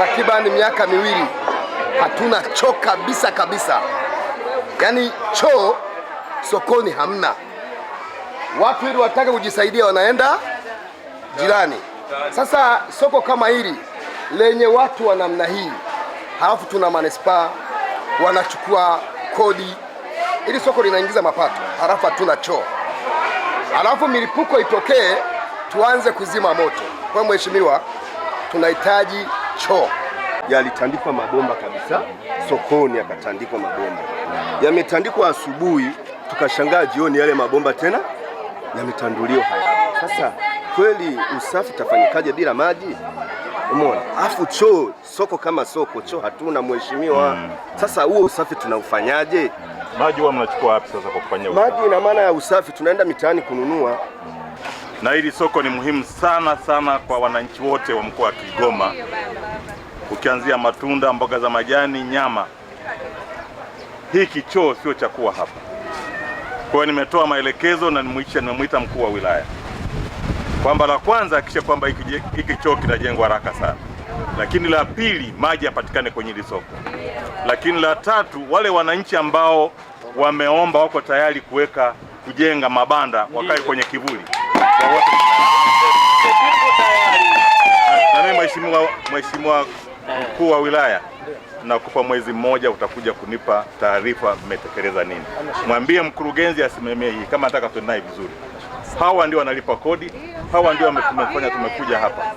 takriban miaka miwili hatuna choo kabisa kabisa, yaani choo sokoni hamna. Watu ili wataka kujisaidia wanaenda jirani. Sasa soko kama hili lenye watu wa namna hii, halafu tuna manispaa wanachukua kodi, ili soko linaingiza mapato, halafu hatuna choo, halafu milipuko itokee tuanze kuzima moto. Kwa mheshimiwa, tunahitaji choo yalitandikwa mabomba kabisa, sokoni yakatandikwa mabomba, yametandikwa asubuhi, tukashangaa jioni yale mabomba tena yametanduliwa. Haya sasa, kweli usafi utafanyikaje bila maji? Umeona, afu choo soko kama soko, choo hatuna mheshimiwa. Mm. Sasa huo usafi tunaufanyaje? Maji huwa mnachukua wapi sasa kwa kufanya usafi? Maji ina maana ya usafi, tunaenda mitaani kununua mm na hili soko ni muhimu sana sana kwa wananchi wote wa mkoa wa Kigoma, ukianzia matunda, mboga za majani, nyama. Hii kichoo sio cha kuwa hapa. Kwa hiyo nimetoa maelekezo na nimemwita mkuu wa wilaya kwamba la kwanza hakikisha kwamba hiki choo kinajengwa haraka sana, lakini la pili maji yapatikane kwenye hili soko, lakini la tatu wale wananchi ambao wameomba wako tayari kuweka kujenga mabanda wakae kwenye kivuli mheshimiwa, mheshimiwa mkuu wa wilaya nakupa mwezi mmoja, utakuja kunipa taarifa mmetekeleza nini. Mwambie mkurugenzi asimamie hii, kama nataka tuende vizuri. Hawa ndio wanalipa kodi, hawa ndio wamefanya tumekuja hapa.